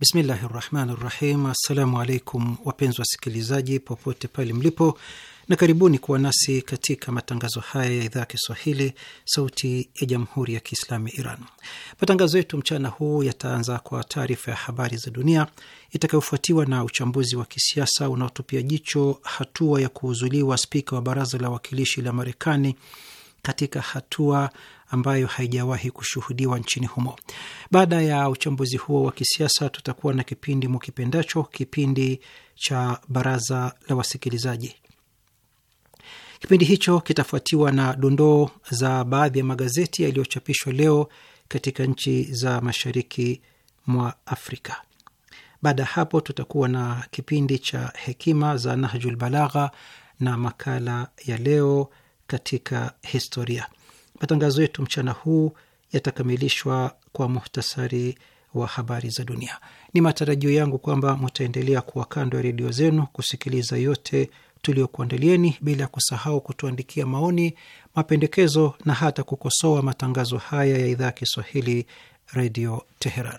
Bismillahi rahmani rahim. Assalamu alaikum wapenzi wasikilizaji popote pale mlipo, na karibuni kuwa nasi katika matangazo haya ya idhaa ya Kiswahili sauti ya jamhuri ya Kiislamu ya Iran. Matangazo yetu mchana huu yataanza kwa taarifa ya habari za dunia itakayofuatiwa na uchambuzi wa kisiasa unaotupia jicho hatua ya kuuzuliwa spika wa baraza la wawakilishi la Marekani katika hatua ambayo haijawahi kushuhudiwa nchini humo. Baada ya uchambuzi huo wa kisiasa, tutakuwa na kipindi mukipendacho, kipindi cha baraza la wasikilizaji. Kipindi hicho kitafuatiwa na dondoo za baadhi ya magazeti yaliyochapishwa leo katika nchi za mashariki mwa Afrika. Baada ya hapo, tutakuwa na kipindi cha hekima za Nahjul Balagha na makala ya leo katika historia. Matangazo yetu mchana huu yatakamilishwa kwa muhtasari wa habari za dunia. Ni matarajio yangu kwamba mtaendelea kuwa kando ya redio zenu kusikiliza yote tuliokuandalieni, bila ya kusahau kutuandikia maoni, mapendekezo na hata kukosoa matangazo haya ya idhaa ya Kiswahili, Redio Teheran.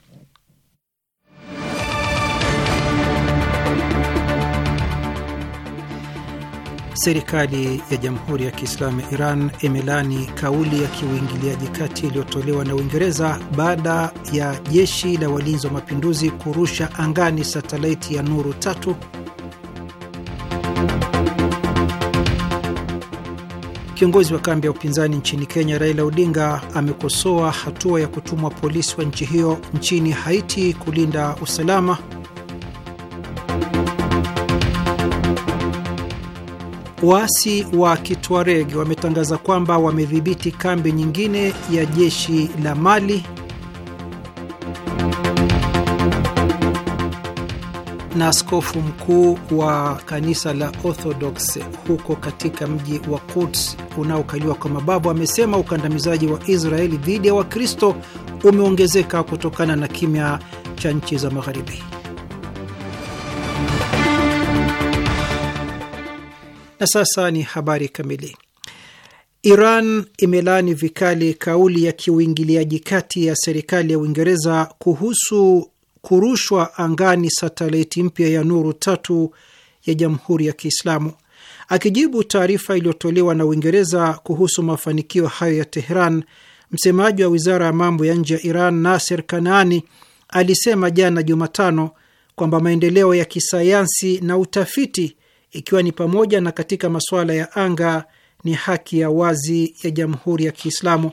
Serikali ya Jamhuri ya Kiislamu ya Iran imelani kauli ya kiuingiliaji kati iliyotolewa na Uingereza baada ya jeshi la walinzi wa mapinduzi kurusha angani satelaiti ya Nuru tatu. Kiongozi wa kambi ya upinzani nchini Kenya Raila Odinga amekosoa hatua ya kutumwa polisi wa nchi hiyo nchini Haiti kulinda usalama. Waasi wa Kitwareg wametangaza kwamba wamedhibiti kambi nyingine ya jeshi la Mali. Na askofu mkuu wa kanisa la Orthodox huko katika mji wa Quds unaokaliwa kwa mabavu amesema ukandamizaji wa Israeli dhidi ya Wakristo umeongezeka kutokana na kimya cha nchi za Magharibi. Na sasa ni habari kamili. Iran imelaani vikali kauli ya kiuingiliaji kati ya serikali ya Uingereza kuhusu kurushwa angani satelaiti mpya ya Nuru tatu ya Jamhuri ya Kiislamu. Akijibu taarifa iliyotolewa na Uingereza kuhusu mafanikio hayo ya Teheran, msemaji wa wizara ya mambo ya nje ya Iran Naser Kanaani alisema jana Jumatano kwamba maendeleo ya kisayansi na utafiti ikiwa ni pamoja na katika masuala ya anga ni haki ya wazi ya Jamhuri ya Kiislamu.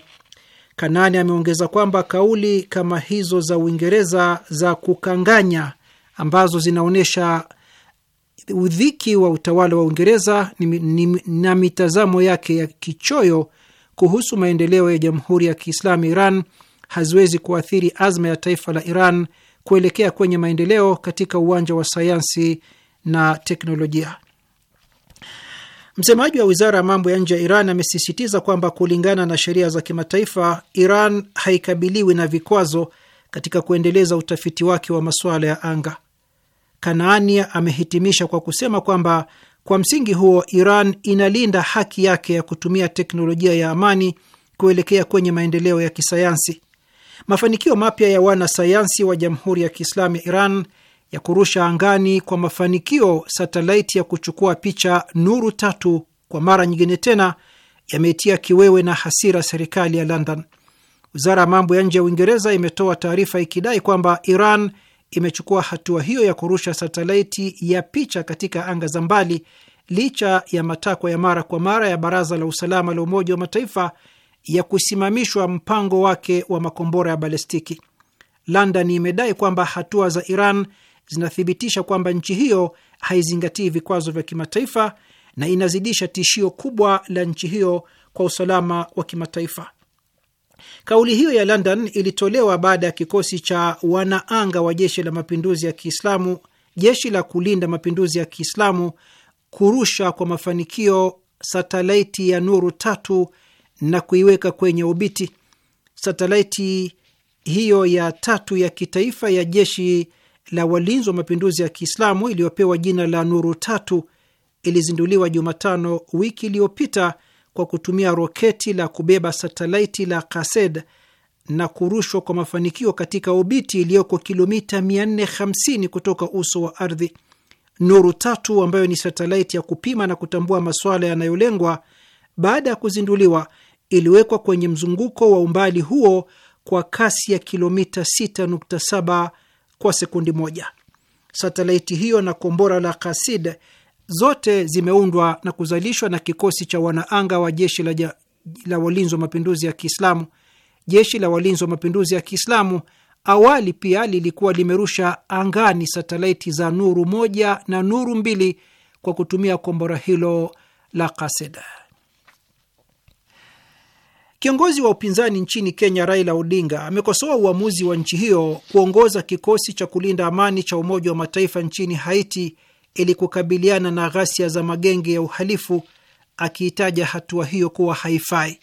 Kanani ameongeza kwamba kauli kama hizo za Uingereza za kukanganya ambazo zinaonyesha udhiki wa utawala wa Uingereza na mitazamo yake ya kichoyo kuhusu maendeleo ya Jamhuri ya Kiislamu Iran haziwezi kuathiri azma ya taifa la Iran kuelekea kwenye maendeleo katika uwanja wa sayansi na teknolojia. Msemaji wa wizara ya mambo ya nje ya Iran amesisitiza kwamba kulingana na sheria za kimataifa, Iran haikabiliwi na vikwazo katika kuendeleza utafiti wake wa masuala ya anga. Kanaani amehitimisha kwa kusema kwamba kwa msingi huo Iran inalinda haki yake ya kutumia teknolojia ya amani kuelekea kwenye maendeleo ya kisayansi. Mafanikio mapya ya wanasayansi wa Jamhuri ya Kiislamu ya Iran ya kurusha angani kwa mafanikio satelaiti ya kuchukua picha nuru tatu kwa mara nyingine tena yameitia kiwewe na hasira serikali ya London. Wizara ya mambo ya nje ya Uingereza imetoa taarifa ikidai kwamba Iran imechukua hatua hiyo ya kurusha satelaiti ya picha katika anga za mbali licha ya matakwa ya mara kwa mara ya Baraza la Usalama la Umoja wa Mataifa ya kusimamishwa mpango wake wa makombora ya balistiki. London imedai kwamba hatua za Iran zinathibitisha kwamba nchi hiyo haizingatii vikwazo vya kimataifa na inazidisha tishio kubwa la nchi hiyo kwa usalama wa kimataifa. Kauli hiyo ya London ilitolewa baada ya kikosi cha wanaanga wa jeshi la mapinduzi ya Kiislamu, jeshi la kulinda mapinduzi ya Kiislamu, kurusha kwa mafanikio satelaiti ya Nuru tatu na kuiweka kwenye obiti. Satelaiti hiyo ya tatu ya kitaifa ya jeshi la walinzi wa mapinduzi ya Kiislamu iliyopewa jina la Nuru Tatu ilizinduliwa Jumatano wiki iliyopita kwa kutumia roketi la kubeba satelaiti la Kased na kurushwa kwa mafanikio katika obiti iliyoko kilomita 450 kutoka uso wa ardhi. Nuru Tatu, ambayo ni satelaiti ya kupima na kutambua masuala yanayolengwa, baada ya kuzinduliwa iliwekwa kwenye mzunguko wa umbali huo kwa kasi ya kilomita 6.7 kwa sekundi moja. Satelaiti hiyo na kombora la Kasid zote zimeundwa na kuzalishwa na kikosi cha wanaanga wa jeshi la, ja, la walinzi wa mapinduzi ya Kiislamu. Jeshi la walinzi wa mapinduzi ya Kiislamu awali pia lilikuwa limerusha angani satelaiti za Nuru moja na Nuru mbili kwa kutumia kombora hilo la kasid Kiongozi wa upinzani nchini Kenya, Raila Odinga, amekosoa uamuzi wa nchi hiyo kuongoza kikosi cha kulinda amani cha Umoja wa Mataifa nchini Haiti ili kukabiliana na ghasia za magenge ya uhalifu, akiitaja hatua hiyo kuwa haifai.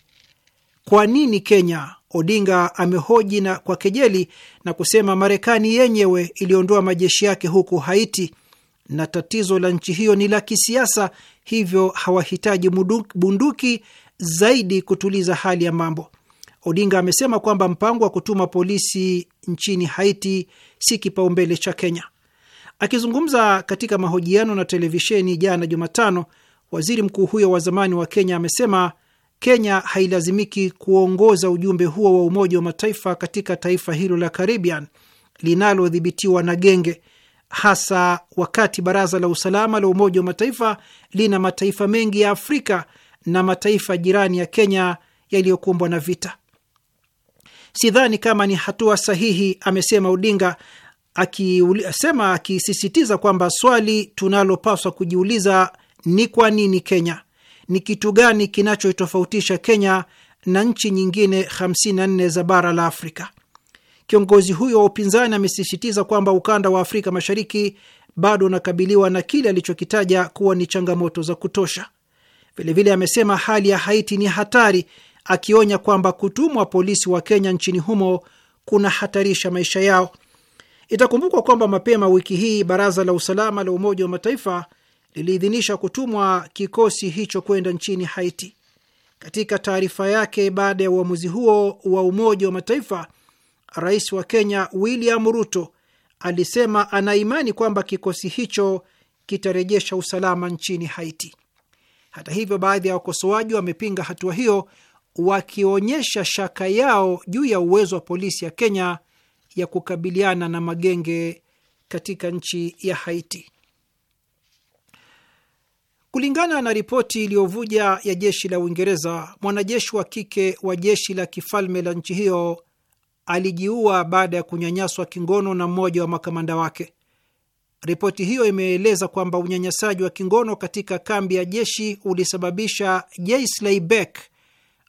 Kwa nini Kenya? Odinga amehoji na kwa kejeli na kusema Marekani yenyewe iliondoa majeshi yake huku Haiti na tatizo la nchi hiyo ni la kisiasa, hivyo hawahitaji bunduki zaidi kutuliza hali ya mambo. Odinga amesema kwamba mpango wa kutuma polisi nchini Haiti si kipaumbele cha Kenya. Akizungumza katika mahojiano na televisheni jana Jumatano, waziri mkuu huyo wa zamani wa Kenya amesema Kenya hailazimiki kuongoza ujumbe huo wa Umoja wa Mataifa katika taifa hilo la Caribbean linalodhibitiwa na genge, hasa wakati Baraza la Usalama la Umoja wa Mataifa lina mataifa mengi ya Afrika na mataifa jirani ya Kenya yaliyokumbwa na vita. Sidhani kama ni hatua sahihi, amesema Odinga akisema akisisitiza kwamba swali tunalopaswa kujiuliza ni kwa nini Kenya? Ni kitu gani kinachoitofautisha Kenya na nchi nyingine 54 za bara la Afrika? Kiongozi huyo wa upinzani amesisitiza kwamba ukanda wa Afrika Mashariki bado unakabiliwa na kile alichokitaja kuwa ni changamoto za kutosha. Vilevile amesema hali ya Haiti ni hatari, akionya kwamba kutumwa polisi wa Kenya nchini humo kunahatarisha maisha yao. Itakumbukwa kwamba mapema wiki hii baraza la usalama la Umoja wa Mataifa liliidhinisha kutumwa kikosi hicho kwenda nchini Haiti. Katika taarifa yake baada ya uamuzi huo wa Umoja wa Mataifa, rais wa Kenya William Ruto alisema ana imani kwamba kikosi hicho kitarejesha usalama nchini Haiti. Hata hivyo, baadhi ya wakosoaji wamepinga hatua hiyo wakionyesha shaka yao juu ya uwezo wa polisi ya Kenya ya kukabiliana na magenge katika nchi ya Haiti. Kulingana na ripoti iliyovuja ya jeshi la Uingereza, mwanajeshi wa kike wa jeshi la kifalme la nchi hiyo alijiua baada ya kunyanyaswa kingono na mmoja wa makamanda wake. Ripoti hiyo imeeleza kwamba unyanyasaji wa kingono katika kambi ya jeshi ulisababisha Jaisley Beck,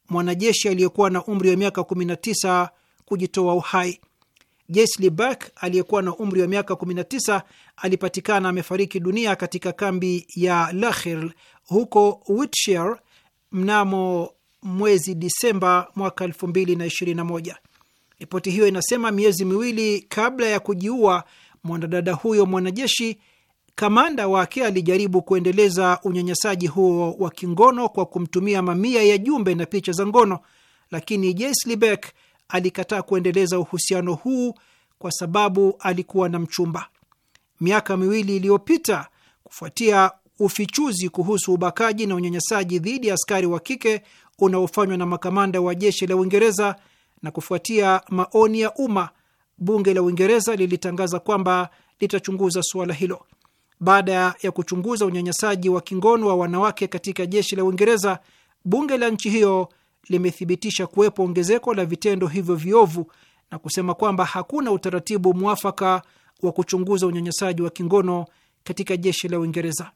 mwanajeshi aliyekuwa na umri wa miaka 19 kujitoa uhai. Jaisley Beck aliyekuwa na umri wa miaka 19 alipatikana amefariki dunia katika kambi ya Lahir huko Wiltshire mnamo mwezi Disemba mwaka 2021. Ripoti hiyo inasema miezi miwili kabla ya kujiua Mwanadada huyo mwanajeshi, kamanda wake alijaribu kuendeleza unyanyasaji huo wa kingono kwa kumtumia mamia ya jumbe na picha za ngono, lakini Jessy alikataa kuendeleza uhusiano huu kwa sababu alikuwa na mchumba. Miaka miwili iliyopita, kufuatia ufichuzi kuhusu ubakaji na unyanyasaji dhidi ya askari wa kike unaofanywa na makamanda wa jeshi la Uingereza na kufuatia maoni ya umma, bunge la Uingereza lilitangaza kwamba litachunguza suala hilo. Baada ya kuchunguza unyanyasaji wa kingono wa wanawake katika jeshi la Uingereza, bunge la nchi hiyo limethibitisha kuwepo ongezeko la vitendo hivyo viovu na kusema kwamba hakuna utaratibu mwafaka wa kuchunguza unyanyasaji wa kingono katika jeshi la Uingereza.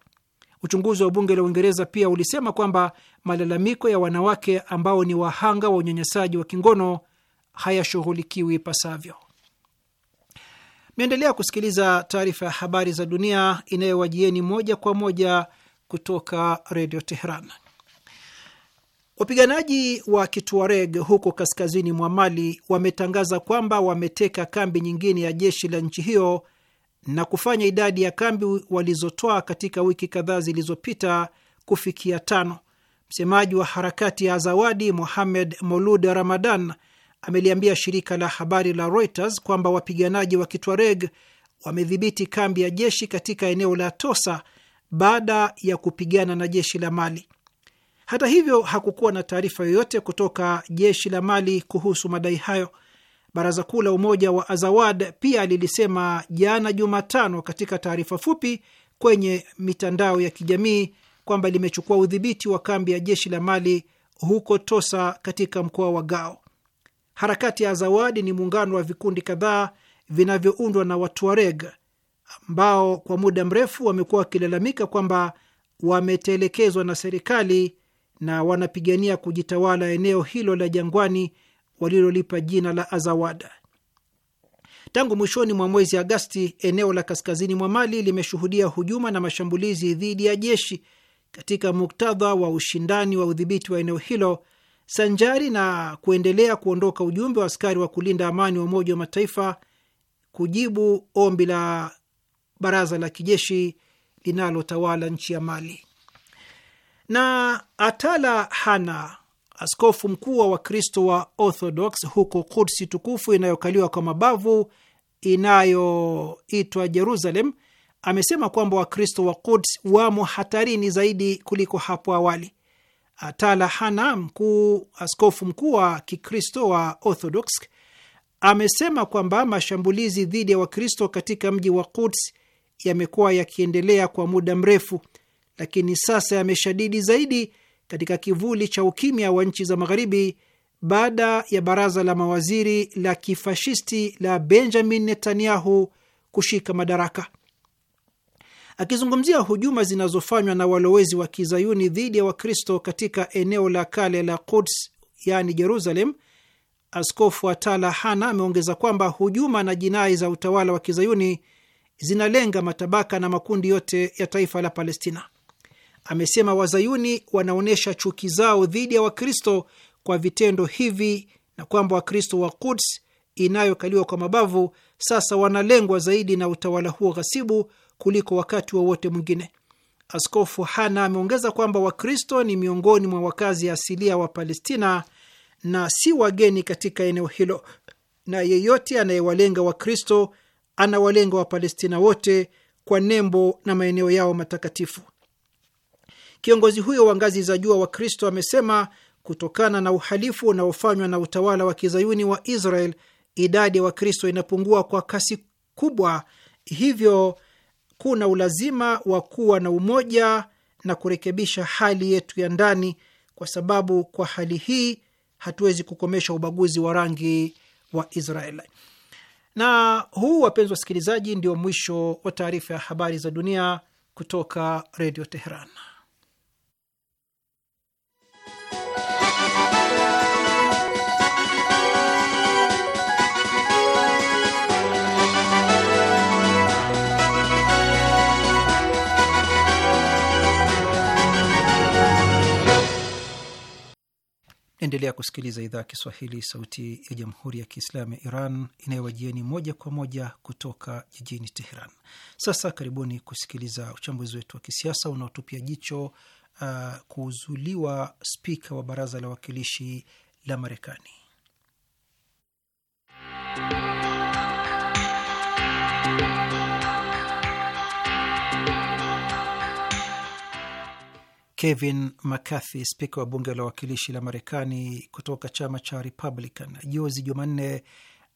Uchunguzi wa bunge la Uingereza pia ulisema kwamba malalamiko ya wanawake ambao ni wahanga wa unyanyasaji wa kingono hayashughulikiwi ipasavyo. Mnaendelea kusikiliza taarifa ya habari za dunia inayowajieni moja kwa moja kutoka redio Teheran. Wapiganaji wa Kituareg huko kaskazini mwa Mali wametangaza kwamba wameteka kambi nyingine ya jeshi la nchi hiyo na kufanya idadi ya kambi walizotoa katika wiki kadhaa zilizopita kufikia tano. Msemaji wa harakati ya Azawadi Mohamed Molud Ramadan ameliambia shirika la habari la Reuters kwamba wapiganaji wa Kitwareg wamedhibiti kambi ya jeshi katika eneo la Tosa baada ya kupigana na jeshi la Mali. Hata hivyo, hakukuwa na taarifa yoyote kutoka jeshi la Mali kuhusu madai hayo. Baraza Kuu la Umoja wa Azawad pia lilisema jana Jumatano katika taarifa fupi kwenye mitandao ya kijamii kwamba limechukua udhibiti wa kambi ya jeshi la Mali huko Tosa katika mkoa wa Gao. Harakati ya Zawadi ni muungano wa vikundi kadhaa vinavyoundwa na Watuareg ambao kwa muda mrefu wamekuwa wakilalamika kwamba wametelekezwa na serikali na wanapigania kujitawala eneo hilo la jangwani walilolipa jina la Azawada. Tangu mwishoni mwa mwezi Agasti, eneo la kaskazini mwa Mali limeshuhudia hujuma na mashambulizi dhidi ya jeshi katika muktadha wa ushindani wa udhibiti wa eneo hilo sanjari na kuendelea kuondoka ujumbe wa askari wa kulinda amani wa Umoja wa Mataifa kujibu ombi la baraza la kijeshi linalotawala nchi ya Mali. Na Atala Hana, askofu mkuu wa Wakristo wa Orthodox huko Kudsi tukufu inayokaliwa kwa mabavu inayoitwa Jerusalem, amesema kwamba Wakristo wa Kuds wamo hatarini zaidi kuliko hapo awali Talahana, mkuu askofu mkuu wa Kikristo wa Orthodox, amesema kwamba mashambulizi dhidi ya Wakristo katika mji wa Quds yamekuwa yakiendelea kwa muda mrefu, lakini sasa yameshadidi zaidi katika kivuli cha ukimya wa nchi za Magharibi baada ya baraza la mawaziri la kifashisti la Benjamin Netanyahu kushika madaraka. Akizungumzia hujuma zinazofanywa na walowezi wa kizayuni dhidi ya Wakristo katika eneo la kale la Quds, yani Jerusalem, Askofu Atala Hana ameongeza kwamba hujuma na jinai za utawala wa kizayuni zinalenga matabaka na makundi yote ya taifa la Palestina. Amesema wazayuni wanaonyesha chuki zao dhidi ya Wakristo kwa vitendo hivi na kwamba Wakristo wa Quds inayokaliwa kwa mabavu sasa wanalengwa zaidi na utawala huo ghasibu kuliko wakati wowote wa mwingine. Askofu Hana ameongeza kwamba Wakristo ni miongoni mwa wakazi asilia wa Palestina na si wageni katika eneo hilo, na yeyote anayewalenga Wakristo anawalenga Wapalestina wote kwa nembo na maeneo yao matakatifu. Kiongozi huyo wa ngazi za juu wa Wakristo amesema kutokana na uhalifu unaofanywa na utawala wa kizayuni wa Israel, idadi ya Wakristo inapungua kwa kasi kubwa, hivyo kuna ulazima wa kuwa na umoja na kurekebisha hali yetu ya ndani, kwa sababu kwa hali hii hatuwezi kukomesha ubaguzi wa rangi wa israel Na huu, wapenzi wasikilizaji, ndio mwisho wa taarifa ya habari za dunia kutoka Redio Teheran. Naendelea kusikiliza idhaa ya Kiswahili, sauti ya jamhuri ya kiislamu ya Iran inayowajieni moja kwa moja kutoka jijini Teheran. Sasa karibuni kusikiliza uchambuzi wetu wa kisiasa unaotupia jicho uh, kuuzuliwa spika wa baraza la wawakilishi la Marekani. Kevin McCarthy, spika wa bunge la wawakilishi la Marekani kutoka chama cha Republican, juzi Jumanne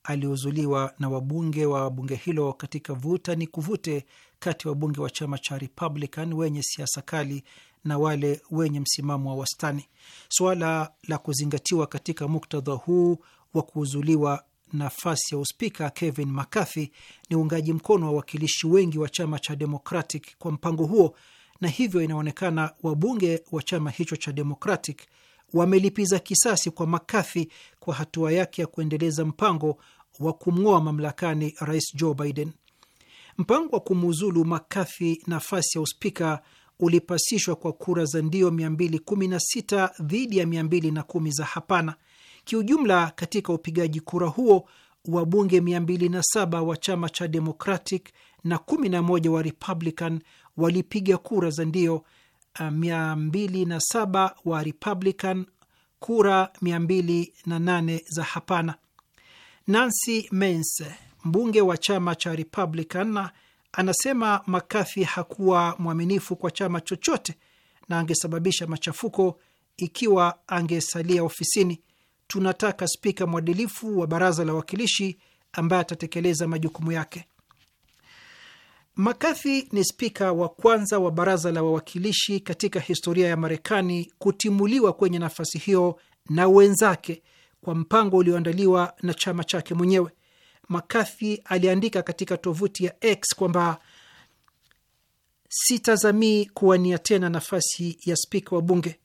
aliuzuliwa na wabunge wa bunge hilo katika vuta ni kuvute kati ya wabunge wa chama cha Republican wenye siasa kali na wale wenye msimamo wa wastani. Suala la kuzingatiwa katika muktadha huu wa kuuzuliwa nafasi ya uspika Kevin McCarthy ni uungaji mkono wa wakilishi wengi wa chama cha Democratic kwa mpango huo na hivyo inaonekana wabunge wa chama hicho cha Democratic wamelipiza kisasi kwa McCarthy kwa hatua yake ya kuendeleza mpango wa kumng'oa mamlakani Rais Joe Biden. Mpango wa kumuuzulu McCarthy nafasi ya uspika ulipasishwa kwa kura za ndio 216 dhidi ya 210 za hapana. Kiujumla, katika upigaji kura huo wabunge 207 wa chama cha Democratic na 11 wa Republican walipiga kura za ndio 27 uh, wa Republican, kura 208 za hapana. Nancy Mence, mbunge wa chama cha Republican, anasema McCarthy hakuwa mwaminifu kwa chama chochote na angesababisha machafuko ikiwa angesalia ofisini. Tunataka spika mwadilifu wa baraza la wawakilishi ambaye atatekeleza majukumu yake makathi ni spika wa kwanza wa baraza la wawakilishi katika historia ya Marekani kutimuliwa kwenye nafasi hiyo na wenzake kwa mpango ulioandaliwa na chama chake mwenyewe. makathi aliandika katika tovuti ya X kwamba sitazamii kuwania tena nafasi ya spika wa bunge.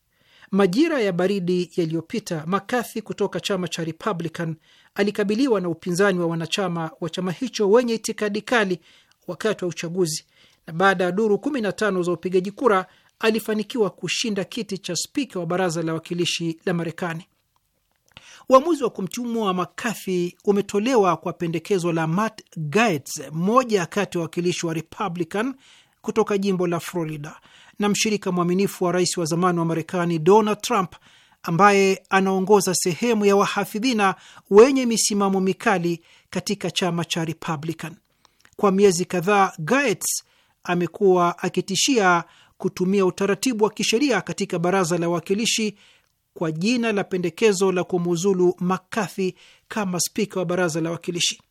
Majira ya baridi yaliyopita, makathi kutoka chama cha Republican alikabiliwa na upinzani wa wanachama wa chama hicho wenye itikadi kali wakati wa uchaguzi na baada ya duru 15 za upigaji kura alifanikiwa kushinda kiti cha spika wa baraza la wakilishi la Marekani. Uamuzi wa kumtimua McCarthy umetolewa kwa pendekezo la Matt Gaetz, mmoja kati ya wawakilishi wa Republican kutoka jimbo la Florida na mshirika mwaminifu wa rais wa zamani wa Marekani Donald Trump, ambaye anaongoza sehemu ya wahafidhina wenye misimamo mikali katika chama cha Republican. Kwa miezi kadhaa, Gates amekuwa akitishia kutumia utaratibu wa kisheria katika baraza la wawakilishi kwa jina la pendekezo la kumuuzulu McCarthy kama spika wa baraza la wawakilishi.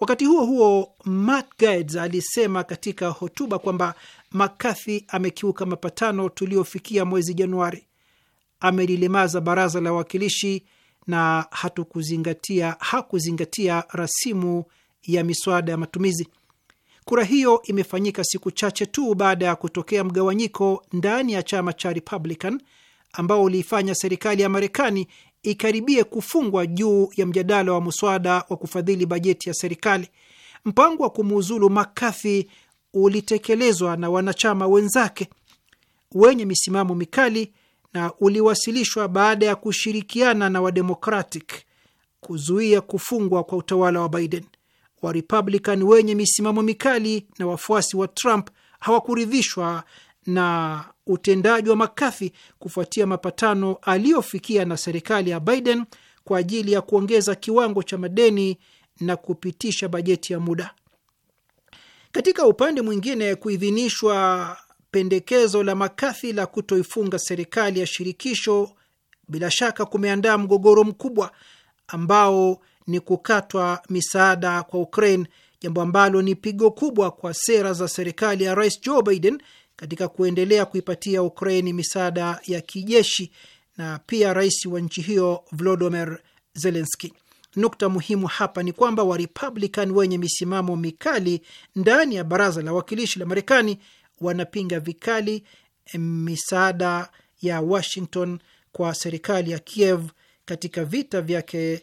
Wakati huo huo, Matt Gaetz alisema katika hotuba kwamba McCarthy amekiuka mapatano tuliofikia mwezi Januari, amelilemaza baraza la wawakilishi na hatukuzingatia hakuzingatia rasimu ya miswada ya matumizi. Kura hiyo imefanyika siku chache tu baada ya kutokea mgawanyiko ndani ya chama cha Republican ambao uliifanya serikali ya Marekani ikaribie kufungwa juu ya mjadala wa muswada wa kufadhili bajeti ya serikali. Mpango wa kumuuzulu McCarthy ulitekelezwa na wanachama wenzake wenye misimamo mikali na uliwasilishwa baada ya kushirikiana na Wademokratic kuzuia kufungwa kwa utawala wa Biden wa Republican wenye misimamo mikali na wafuasi wa Trump hawakuridhishwa na utendaji wa McCarthy kufuatia mapatano aliyofikia na serikali ya Biden kwa ajili ya kuongeza kiwango cha madeni na kupitisha bajeti ya muda. Katika upande mwingine, kuidhinishwa pendekezo la McCarthy la kutoifunga serikali ya shirikisho bila shaka kumeandaa mgogoro mkubwa ambao ni kukatwa misaada kwa Ukraine, jambo ambalo ni pigo kubwa kwa sera za serikali ya Rais Joe Biden katika kuendelea kuipatia Ukraine misaada ya kijeshi na pia rais wa nchi hiyo Volodymyr Zelensky. Nukta muhimu hapa ni kwamba Warepublican wenye misimamo mikali ndani ya baraza la wawakilishi la Marekani wanapinga vikali eh, misaada ya Washington kwa serikali ya Kiev katika vita vyake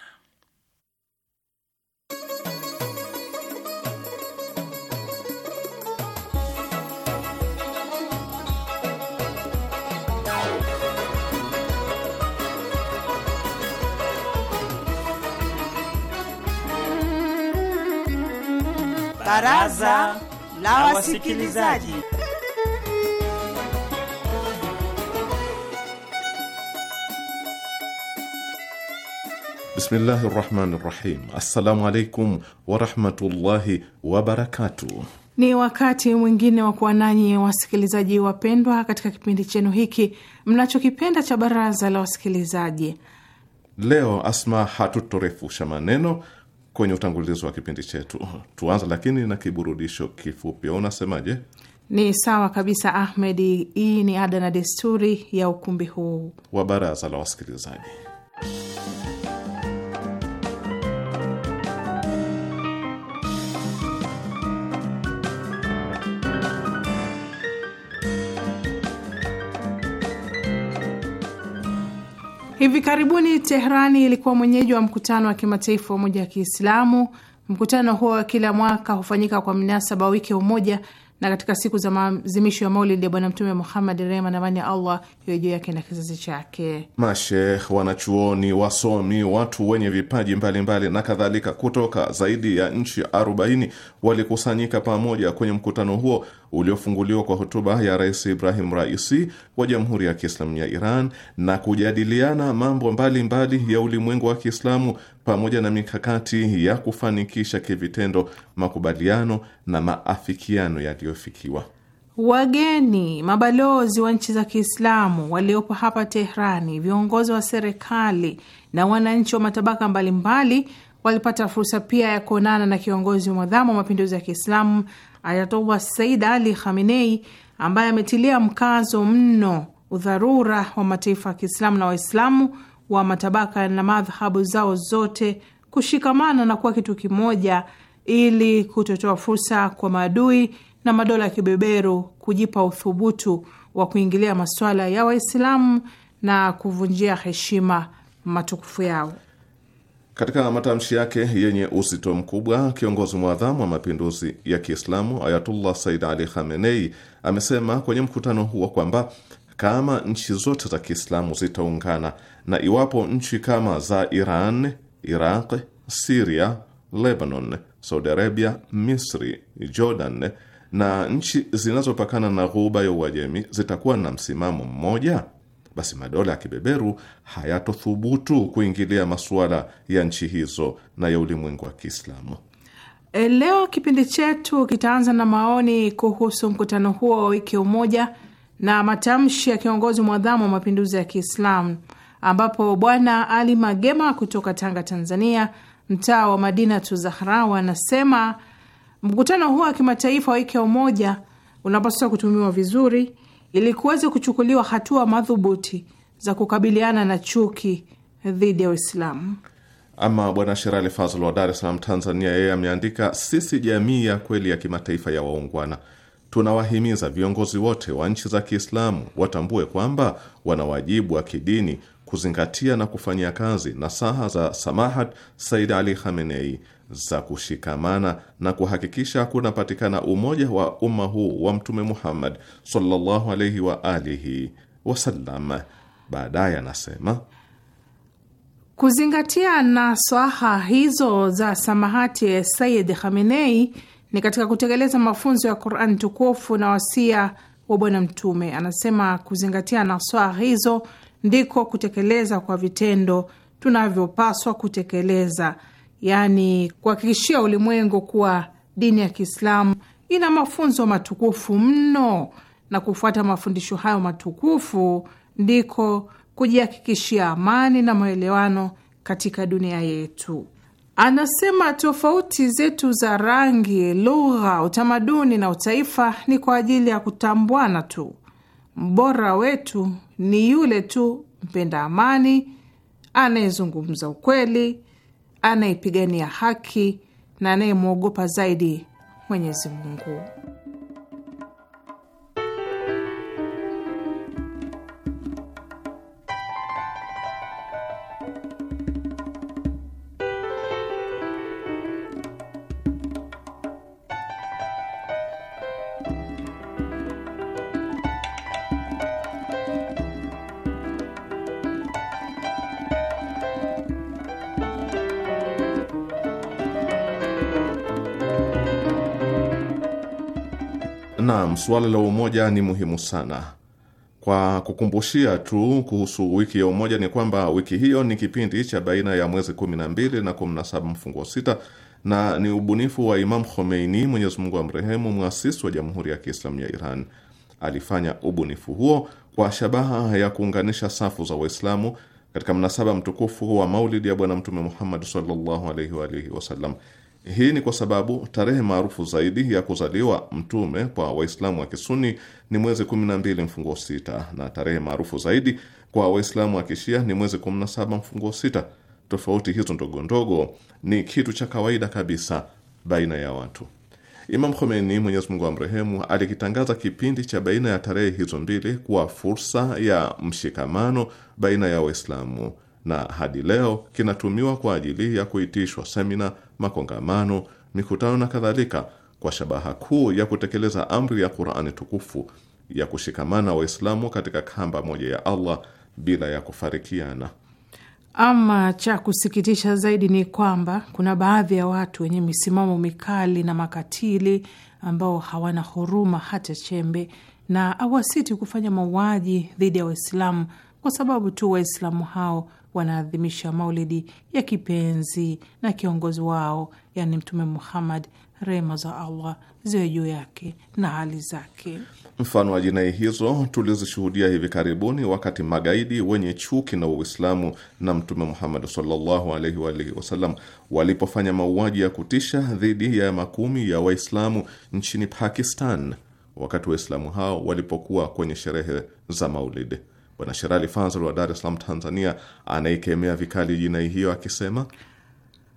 Baraza la Wasikilizaji. Bismillahi rahmani rahim. Assalamu alaikum warahmatullahi wabarakatuh. Ni wakati mwingine wa kuwa nanyi wasikilizaji wapendwa, katika kipindi chenu hiki mnachokipenda cha Baraza la Wasikilizaji. Leo Asma, hatutorefusha maneno kwenye utangulizi wa kipindi chetu. Tuanza lakini na kiburudisho kifupi, unasemaje? Ni sawa kabisa Ahmedi, hii ni ada na desturi ya ukumbi huu wa baraza la wasikilizaji. Hivi karibuni Tehrani ilikuwa mwenyeji wa mkutano wa kimataifa wa umoja wa Kiislamu. Mkutano huo wa kila mwaka hufanyika kwa mnasaba wiki umoja na katika siku za maazimisho ya maulidi ya Bwana Mtume Muhammad, rehma na amani ya Allah iwe juu yake na kizazi chake, mashekh, wanachuoni, wasomi, watu wenye vipaji mbalimbali mbali na kadhalika kutoka zaidi ya nchi 40 walikusanyika pamoja kwenye mkutano huo uliofunguliwa kwa hotuba ya Rais Ibrahim Raisi wa Jamhuri ya Kiislamu ya Iran na kujadiliana mambo mbalimbali mbali ya ulimwengu wa Kiislamu pamoja na mikakati ya kufanikisha kivitendo makubaliano na maafikiano yaliyofikiwa. Wageni, mabalozi wa nchi za Kiislamu waliopo hapa Tehrani, viongozi wa serikali na wananchi wa matabaka mbalimbali mbali, walipata fursa pia ya kuonana na kiongozi mwadhamu wa mapinduzi ya Kiislamu Ayatollah Said Ali Khamenei ambaye ametilia mkazo mno udharura wa mataifa ya Kiislamu na Waislamu wa matabaka na madhahabu zao zote kushikamana na kuwa kitu kimoja ili kutotoa fursa kwa maadui na madola ya kibeberu kujipa uthubutu wa kuingilia masuala ya Waislamu na kuvunjia heshima matukufu yao. Katika matamshi yake yenye uzito mkubwa, kiongozi mwadhamu wa mapinduzi ya Kiislamu Ayatullah Said Ali Khamenei amesema kwenye mkutano huo kwamba kama nchi zote za Kiislamu zitaungana na iwapo nchi kama za Iran, Iraq, Siria, Lebanon, Saudi Arabia, Misri, Jordan na nchi zinazopakana na Ghuba ya Uajemi zitakuwa na msimamo mmoja, basi madola ya kibeberu hayatothubutu kuingilia masuala ya nchi hizo na ya ulimwengu wa Kiislamu. Eh, leo kipindi chetu kitaanza na maoni kuhusu mkutano huo wa wiki umoja na matamshi ya kiongozi mwadhamu wa mapinduzi ya Kiislamu, ambapo Bwana Ali Magema kutoka Tanga, Tanzania, mtaa wa Madinatu Zahrawa, anasema mkutano huo wa kimataifa wa wiki ya umoja unapaswa kutumiwa vizuri ili kuweza kuchukuliwa hatua madhubuti za kukabiliana na chuki dhidi ya Uislamu. Ama bwana Sherali Fazl wa Dar es Salaam, Tanzania, yeye ameandika, sisi jamii ya kweli ya kimataifa ya waungwana tunawahimiza viongozi wote wa nchi za Kiislamu watambue kwamba wana wajibu wa kidini kuzingatia na kufanyia kazi nasaha za Samahat Said Ali Khamenei za kushikamana na kuhakikisha kunapatikana umoja wa umma huu wa Mtume Muhammad sallallahu alaihi wa alihi wasallam. Baadaye anasema kuzingatia nasaha hizo za Samahati Said Khamenei ni katika kutekeleza mafunzo ya quran tukufu na wasia wa Bwana Mtume. Anasema kuzingatia naswaa hizo ndiko kutekeleza kwa vitendo tunavyopaswa kutekeleza, yaani kuhakikishia ulimwengu kuwa dini ya Kiislamu ina mafunzo matukufu mno, na kufuata mafundisho hayo matukufu ndiko kujihakikishia amani na maelewano katika dunia yetu. Anasema tofauti zetu za rangi, lugha, utamaduni na utaifa ni kwa ajili ya kutambuana tu. Mbora wetu ni yule tu mpenda amani, anayezungumza ukweli, anayepigania haki na anayemwogopa zaidi Mwenyezi Mungu. Naam, suala la umoja ni muhimu sana. Kwa kukumbushia tu kuhusu wiki ya umoja ni kwamba wiki hiyo ni kipindi cha baina ya mwezi 12 na 17 mfungo sita na ni ubunifu wa Imam Khomeini, Mwenyezi Mungu amrehemu, mwasisi wa Jamhuri ya Kiislamu ya Iran. Alifanya ubunifu huo kwa shabaha ya kuunganisha safu za Waislamu katika mnasaba mtukufu wa Maulidi ya Bwana Mtume Muhammad sallallahu alaihi wa alihi wasallam. Hii ni kwa sababu tarehe maarufu zaidi ya kuzaliwa mtume kwa Waislamu wa Kisuni ni mwezi 12 mfungo sita na tarehe maarufu zaidi kwa Waislamu wa Kishia ni mwezi 17 mfungo sita. Tofauti hizo ndogondogo ni kitu cha kawaida kabisa baina ya watu. Imam Khomeini, Mwenyezi Mungu amrehemu, alikitangaza kipindi cha baina ya tarehe hizo mbili kuwa fursa ya mshikamano baina ya Waislamu na hadi leo kinatumiwa kwa ajili ya kuitishwa semina, makongamano, mikutano na kadhalika, kwa shabaha kuu ya kutekeleza amri ya Qur'ani tukufu ya kushikamana Waislamu katika kamba moja ya Allah bila ya kufarikiana. Ama cha kusikitisha zaidi ni kwamba kuna baadhi ya watu wenye misimamo mikali na makatili ambao hawana huruma hata chembe na awasiti kufanya mauaji dhidi ya Waislamu kwa sababu tu Waislamu hao wanaadhimisha maulidi ya kipenzi na kiongozi wao, yani Mtume Muhammad, rehma za Allah ziwe juu yake na hali zake. Mfano wa jinai hizo tulizishuhudia hivi karibuni wakati magaidi wenye chuki na Uislamu na Mtume Muhammad sallallahu alaihi wa alihi wasallam walipofanya mauaji ya kutisha dhidi ya makumi ya Waislamu nchini Pakistan wakati Waislamu hao walipokuwa kwenye sherehe za Maulidi. Bwana Sherali Fazl wa Dar es Salaam, Tanzania, anaikemea vikali jinai hiyo akisema,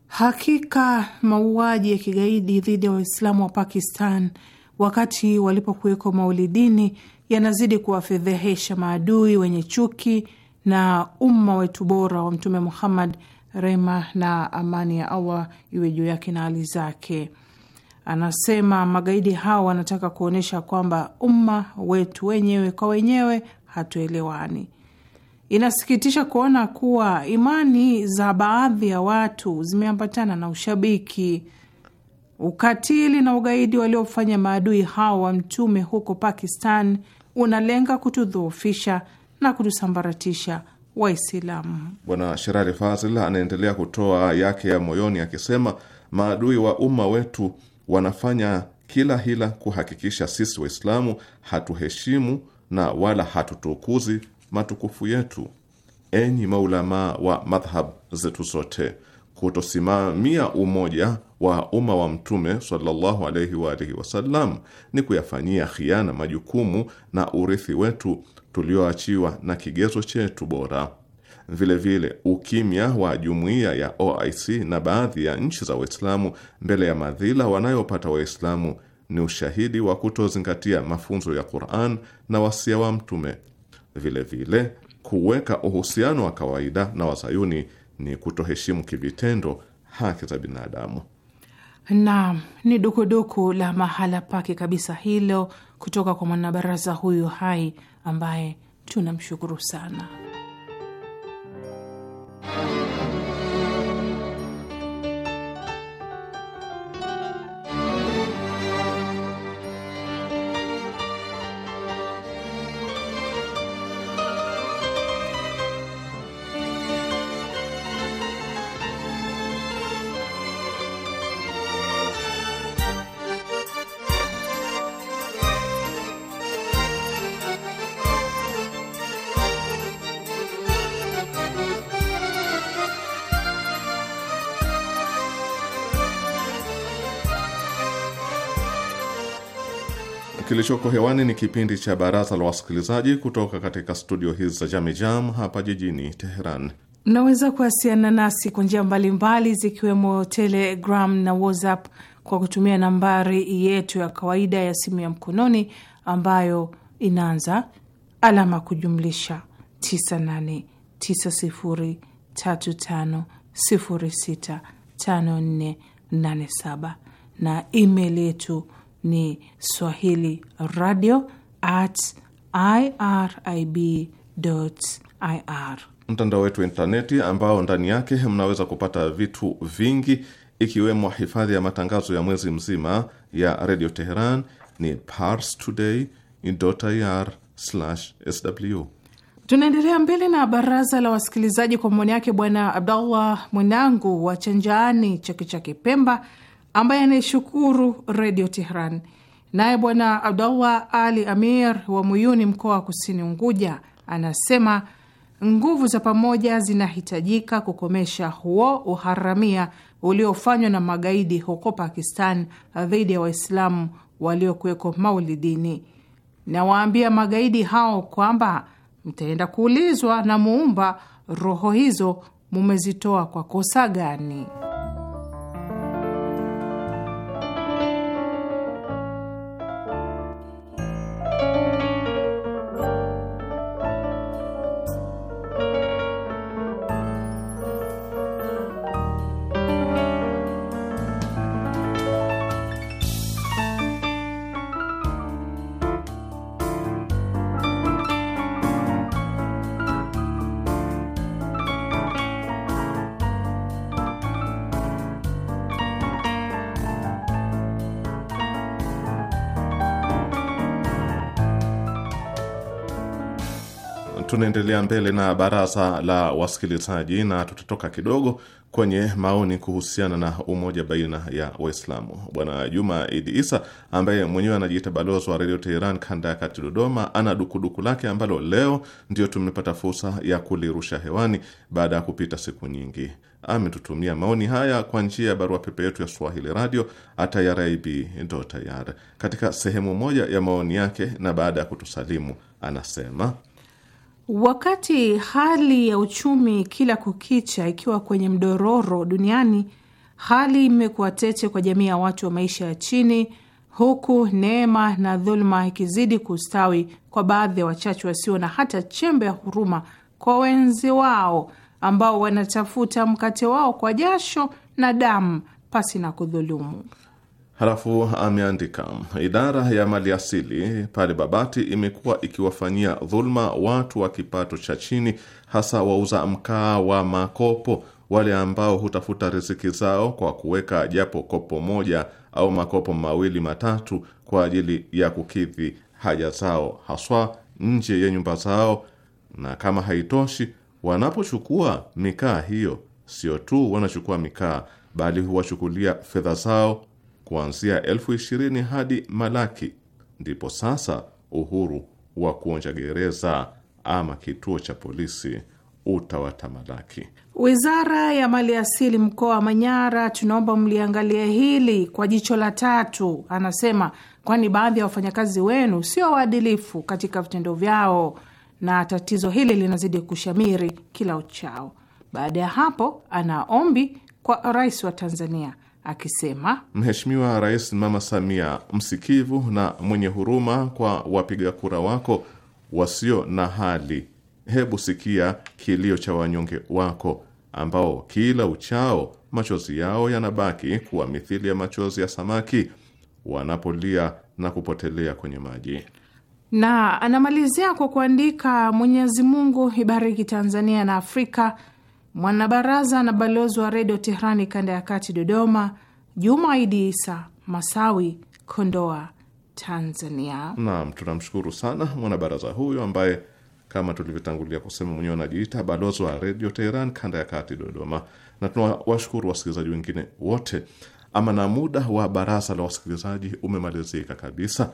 hakika mauaji ya kigaidi dhidi ya Waislamu wa Pakistan wakati walipokuweko maulidini yanazidi kuwafedhehesha maadui wenye chuki na umma wetu bora wa Mtume Muhammad, rehma na amani ya Allah iwe juu yake na hali zake. Anasema magaidi hao wanataka kuonyesha kwamba umma wetu wenyewe kwa wenyewe hatuelewani. Inasikitisha kuona kuwa imani za baadhi ya watu zimeambatana na ushabiki, ukatili na ugaidi waliofanya maadui hao wa mtume huko Pakistan unalenga kutudhoofisha na kutusambaratisha Waislamu. Bwana Sherari Fazil anaendelea kutoa yake ya moyoni akisema, maadui wa umma wetu wanafanya kila hila kuhakikisha sisi Waislamu hatuheshimu na wala hatutukuzi matukufu yetu. Enyi maulamaa wa madhhab zetu zote, kutosimamia umoja wa umma wa Mtume sallallahu wa alihi wasallam ni kuyafanyia khiana majukumu na urithi wetu tulioachiwa na kigezo chetu bora. Vilevile vile, ukimya wa jumuiya ya OIC na baadhi ya nchi za Waislamu mbele ya madhila wanayopata Waislamu ni ushahidi wa kutozingatia mafunzo ya Qur'an na wasia wa Mtume. Vile vile kuweka uhusiano wa kawaida na wazayuni ni kutoheshimu kivitendo haki za binadamu. Naam, ni dukuduku la mahala pake kabisa hilo kutoka kwa mwanabaraza huyu hai ambaye tunamshukuru sana. Kilichoko hewani ni kipindi cha Baraza la Wasikilizaji kutoka katika studio hizi za Jamijam hapa jijini Teheran. Mnaweza kuwasiliana nasi kwa njia mbalimbali, zikiwemo Telegram na WhatsApp kwa kutumia nambari yetu ya kawaida ya simu ya mkononi ambayo inaanza alama kujumlisha 989035065487 na email yetu ni swahili radio at irib ir. Mtandao wetu wa intaneti ambao ndani yake mnaweza kupata vitu vingi ikiwemo hifadhi ya matangazo ya mwezi mzima ya redio Teheran ni pars ir sw Tunaendelea mbele na baraza la wasikilizaji kwa maoni yake Bwana Abdallah Mwenangu wa Chanjaani, Chake Chake Pemba ambaye anaishukuru Redio Tehran. Naye Bwana abdullah Ali Amir wa Muyuni, mkoa wa Kusini Unguja, anasema nguvu za pamoja zinahitajika kukomesha huo uharamia uliofanywa na magaidi huko Pakistan dhidi ya Waislamu waliokuweko maulidini. Nawaambia magaidi hao kwamba mtaenda kuulizwa na Muumba, roho hizo mumezitoa kwa kosa gani? tunaendelea mbele na baraza la wasikilizaji na tutatoka kidogo kwenye maoni kuhusiana na umoja baina ya Waislamu. Bwana Juma Idi Isa ambaye mwenyewe anajiita balozi wa redio Teheran kanda ya kati Dodoma, ana dukuduku lake ambalo leo ndio tumepata fursa ya kulirusha hewani baada ya kupita siku nyingi. Ametutumia maoni haya kwa njia ya barua pepe yetu ya swahili radio irib.ir. Katika sehemu moja ya maoni yake na baada ya kutusalimu anasema: Wakati hali ya uchumi kila kukicha ikiwa kwenye mdororo duniani, hali imekuwa tete kwa jamii ya watu wa maisha ya chini, huku neema na dhuluma ikizidi kustawi kwa baadhi ya wachache wasio na hata chembe ya huruma kwa wenzi wao ambao wanatafuta mkate wao kwa jasho na damu pasi na kudhulumu. Halafu ameandika idara ya maliasili pale Babati imekuwa ikiwafanyia dhulma watu wa kipato cha chini, hasa wauza mkaa wa makopo, wale ambao hutafuta riziki zao kwa kuweka japo kopo moja au makopo mawili matatu kwa ajili ya kukidhi haja zao, haswa nje ya nyumba zao. Na kama haitoshi, wanapochukua mikaa hiyo, sio tu wanachukua mikaa, bali huwachukulia fedha zao kuanzia elfu ishirini hadi Malaki. Ndipo sasa uhuru wa kuonja gereza ama kituo cha polisi utawatamalaki. Wizara ya Mali Asili mkoa wa Manyara, tunaomba mliangalie hili kwa jicho la tatu, anasema, kwani baadhi ya wafanyakazi wenu sio waadilifu katika vitendo vyao na tatizo hili linazidi kushamiri kila uchao. Baada ya hapo, ana ombi kwa rais wa Tanzania akisema, Mheshimiwa Rais Mama Samia, msikivu na mwenye huruma kwa wapiga kura wako wasio na hali, hebu sikia kilio cha wanyonge wako ambao kila uchao machozi yao yanabaki kuwa mithili ya machozi ya samaki wanapolia na kupotelea kwenye maji. Na anamalizia kwa kuandika, Mwenyezi Mungu ibariki Tanzania na Afrika mwanabaraza na balozi wa redio Tehrani kanda ya kati Dodoma, Juma Idi Isa Masawi, Kondoa, Tanzania. Naam, tunamshukuru sana mwanabaraza huyo ambaye kama tulivyotangulia kusema mwenyewe anajiita balozi wa redio Teheran kanda ya kati Dodoma, na tunawashukuru wasikilizaji wengine wote. Ama na muda wa baraza la wasikilizaji umemalizika kabisa.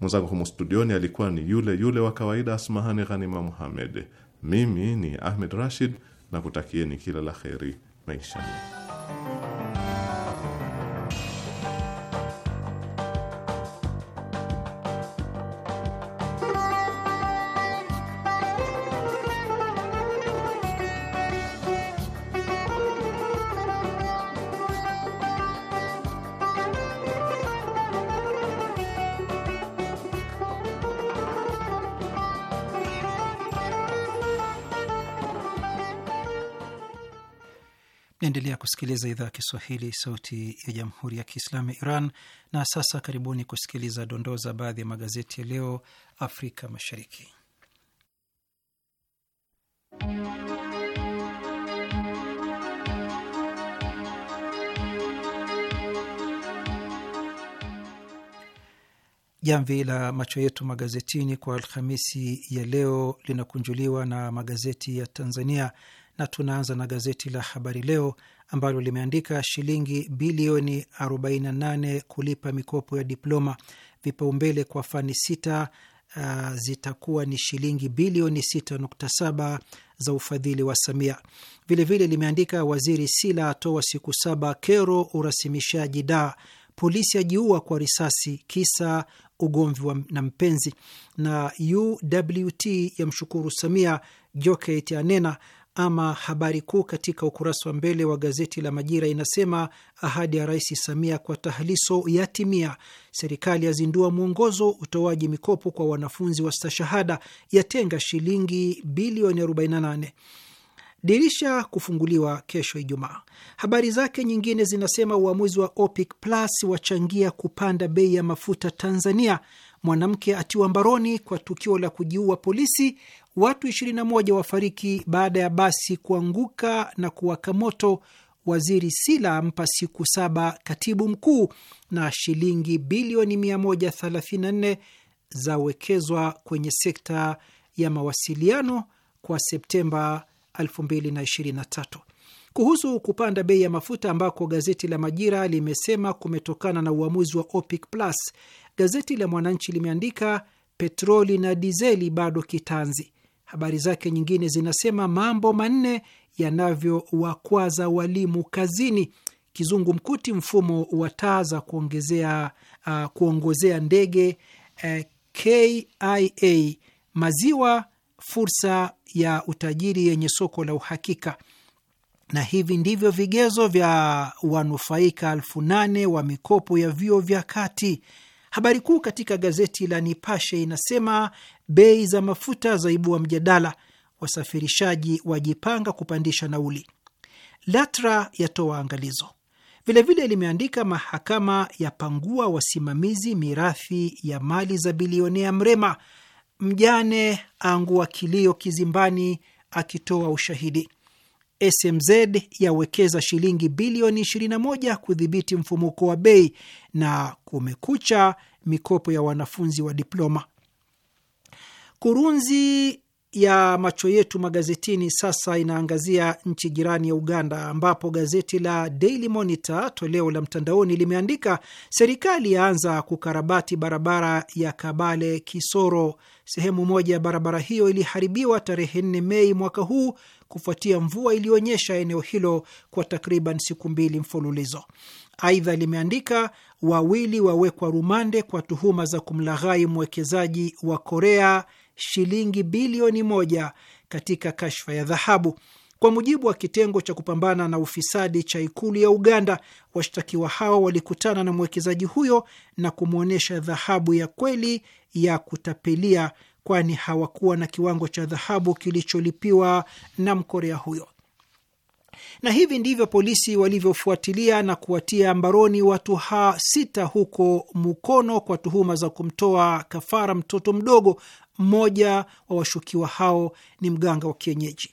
Mwenzangu humu studioni alikuwa ni yule yule wa kawaida, Asmahani Ghanima Muhammed. Mimi ni Ahmed Rashid na kutakieni kila la kheri maishani. Naendelea kusikiliza idhaa ya Kiswahili, sauti ya jamhuri ya kiislamu ya Iran. Na sasa karibuni kusikiliza dondoo za baadhi ya magazeti ya leo Afrika Mashariki. Jamvi la macho yetu magazetini kwa Alhamisi ya leo linakunjuliwa na magazeti ya Tanzania na tunaanza na gazeti la Habari Leo ambalo limeandika shilingi bilioni 48 kulipa mikopo ya diploma, vipaumbele kwa fani sita Uh, zitakuwa ni shilingi bilioni 6.7 za ufadhili wa Samia. Vilevile limeandika waziri Sila atoa siku saba kero urasimishaji daa, polisi ajiua kwa risasi kisa ugomvi na mpenzi, na UWT yamshukuru Samia. Jokate anena ama habari kuu katika ukurasa wa mbele wa gazeti la Majira inasema ahadi ya Rais Samia kwa tahaliso yatimia. Serikali yazindua mwongozo utoaji mikopo kwa wanafunzi wa stashahada, yatenga shilingi bilioni 48 dirisha kufunguliwa kesho Ijumaa. Habari zake nyingine zinasema uamuzi wa OPIC Plus wachangia kupanda bei ya mafuta Tanzania, mwanamke atiwa mbaroni kwa tukio la kujiua polisi, Watu 21 wafariki baada ya basi kuanguka na kuwaka moto. Waziri Sila ampa siku saba katibu mkuu, na shilingi bilioni 134 zawekezwa kwenye sekta ya mawasiliano kwa Septemba 2023. Kuhusu kupanda bei ya mafuta ambako gazeti la Majira limesema kumetokana na uamuzi wa OPEC Plus, gazeti la Mwananchi limeandika petroli na dizeli bado kitanzi. Habari zake nyingine zinasema mambo manne yanavyowakwaza walimu kazini, kizungu mkuti, mfumo wa taa za kuongezea uh, kuongozea ndege uh, KIA, maziwa, fursa ya utajiri yenye soko la uhakika. Na hivi ndivyo vigezo vya wanufaika elfu nane wa mikopo ya vyuo vya kati. Habari kuu katika gazeti la Nipashe inasema bei za mafuta zaibua mjadala, wasafirishaji wajipanga kupandisha nauli, LATRA yatoa angalizo. Vilevile limeandika mahakama yapangua wasimamizi mirathi ya mali za bilionea Mrema, mjane angua kilio kizimbani akitoa ushahidi. SMZ yawekeza shilingi bilioni 21 kudhibiti mfumuko wa bei, na kumekucha mikopo ya wanafunzi wa diploma. Kurunzi ya macho yetu magazetini sasa inaangazia nchi jirani ya Uganda, ambapo gazeti la Daily Monitor toleo la mtandaoni limeandika serikali yaanza kukarabati barabara ya Kabale Kisoro. Sehemu moja ya barabara hiyo iliharibiwa tarehe 4 Mei mwaka huu kufuatia mvua iliyoonyesha eneo hilo kwa takriban siku mbili mfululizo. Aidha limeandika wawili wawekwa rumande kwa tuhuma za kumlaghai mwekezaji wa Korea shilingi bilioni moja katika kashfa ya dhahabu. Kwa mujibu wa kitengo cha kupambana na ufisadi cha ikulu ya Uganda, washtakiwa hao walikutana na mwekezaji huyo na kumwonyesha dhahabu ya kweli ya kutapilia, kwani hawakuwa na kiwango cha dhahabu kilicholipiwa na mkorea huyo. Na hivi ndivyo polisi walivyofuatilia na kuwatia mbaroni watu ha sita huko Mukono kwa tuhuma za kumtoa kafara mtoto mdogo mmoja wa washukiwa hao ni mganga wa kienyeji.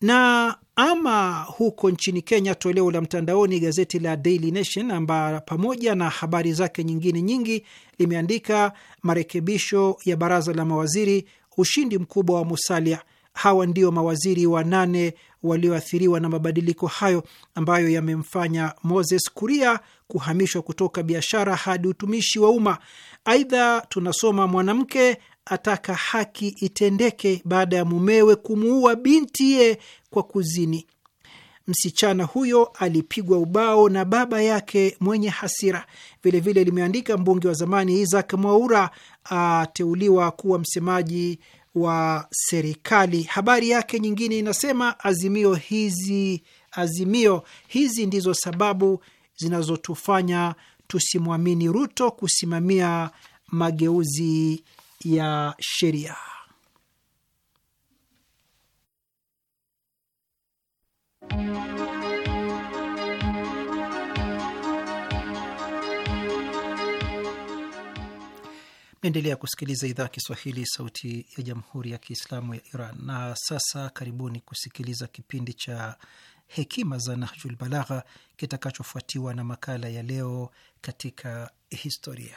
Na ama huko nchini Kenya, toleo la mtandaoni gazeti la Daily Nation ambayo pamoja na habari zake nyingine nyingi limeandika marekebisho ya baraza la mawaziri, ushindi mkubwa wa Musalia. Hawa ndio mawaziri wanane walioathiriwa na mabadiliko hayo ambayo yamemfanya Moses Kuria kuhamishwa kutoka biashara hadi utumishi wa umma. Aidha tunasoma mwanamke ataka haki itendeke baada ya mumewe kumuua bintiye kwa kuzini. Msichana huyo alipigwa ubao na baba yake mwenye hasira. Vilevile vile limeandika mbunge wa zamani Isaac Mwaura ateuliwa kuwa msemaji wa serikali. Habari yake nyingine inasema azimio hizi, azimio hizi ndizo sababu zinazotufanya tusimwamini Ruto kusimamia mageuzi ya sheria. Naendelea kusikiliza idhaa ya Kiswahili, sauti ya jamhuri ya kiislamu ya Iran. Na sasa karibuni kusikiliza kipindi cha hekima za Nahjul Balagha kitakachofuatiwa na makala ya leo katika historia.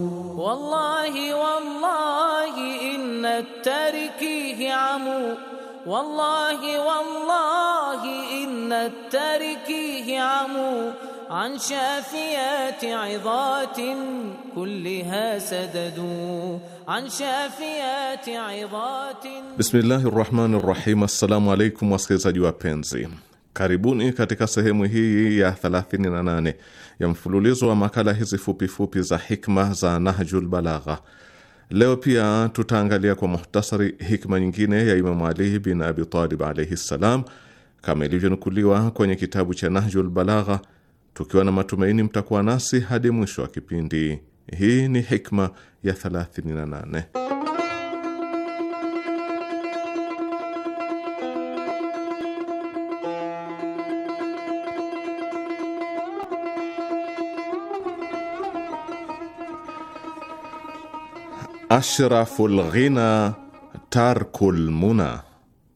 والله والله إن التركيه عمو والله والله إن التركيه عمو عن شافيات عظات كلها سددوا عن شافيات عظات بسم الله الرحمن الرحيم السلام عليكم wasikilizaji وابنزي karibuni katika sehemu hii ya 38 ya mfululizo wa makala hizi fupifupi za hikma za Nahjul Balagha. Leo pia tutaangalia kwa muhtasari hikma nyingine ya Imamu Ali bin Abi Talib alaihi ssalam, kama ilivyonukuliwa kwenye kitabu cha Nahjul Balagha, tukiwa na matumaini mtakuwa nasi hadi mwisho wa kipindi. Hii ni hikma ya 38. Ashraful ghina tarkul muna,